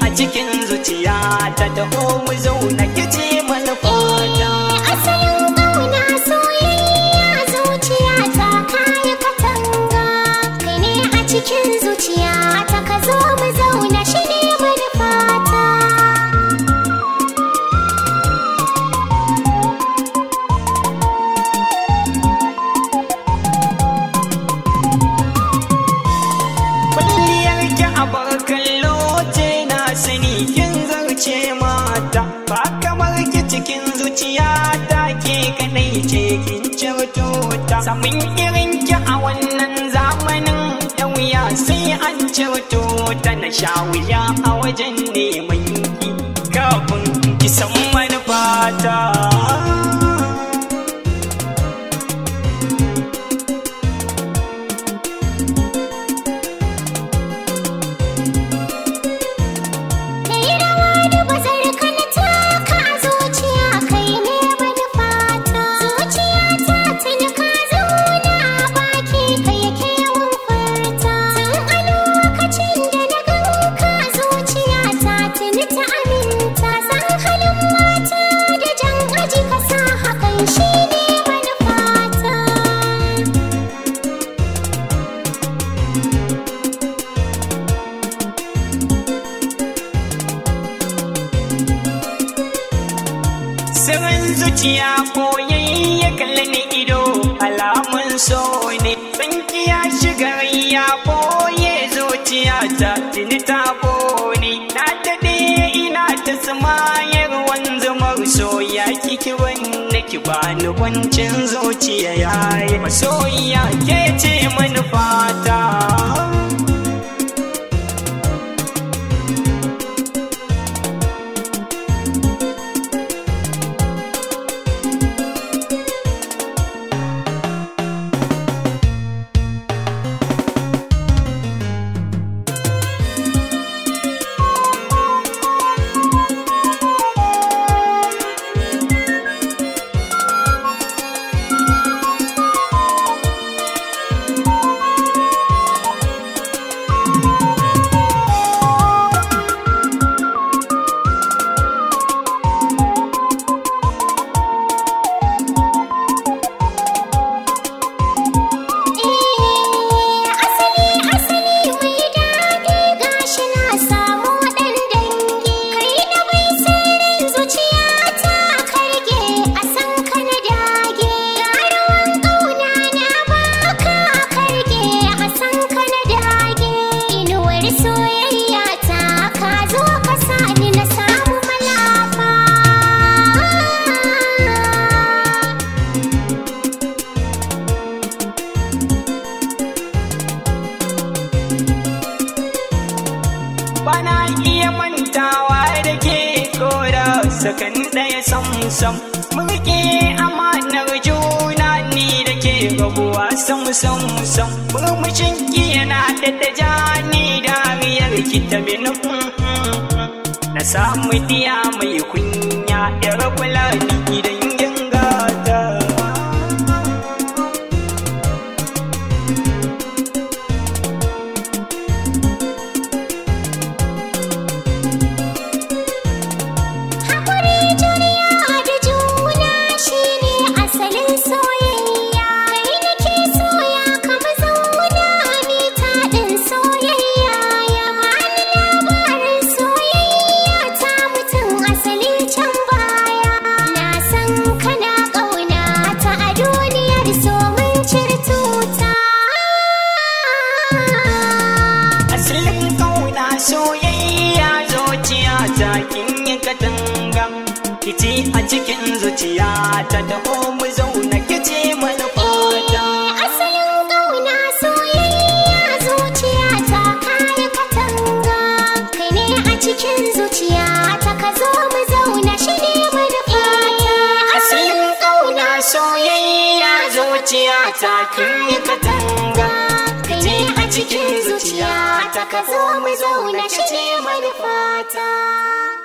a cikin zuciya ta taho mu zauna kici manufata. Eh, ba kamar ki cikin zuciya ta ke kadai ce kin cirto ta samun irin ki a wannan zamanin da wuya sai an cirto ta na sha wuya a wajen neman ki kafin ki san manufata. zuciya koyayi ya kalli ni ido alamun so ne tsinkiya shigar ya boye zuciya ta tuni ta boni na daɗe ina ta sumayar wanzumar so ya kiki wanne ki bani wancin zuciya yi masoyiya ke ce manufata ɗaya sam-sam mulki amanar juna ne da ke rabuwa sam-sam-sam murmushin ki yana da jani dariyar ki ta mini mm, mm, mm. na samu diya mai kunya yar kula ni da cikin zuciya ta taho mu zauna kice mana fata eh, asalin gauna soyayya zuciya ta kare katanga kai ne a cikin zuciya ta ka zo mu zauna shi ne mana fata eh, asalin gauna soyayya zuciya ta kare katanga kai ne a cikin zuciya ta ka zo mu zauna shi ne fata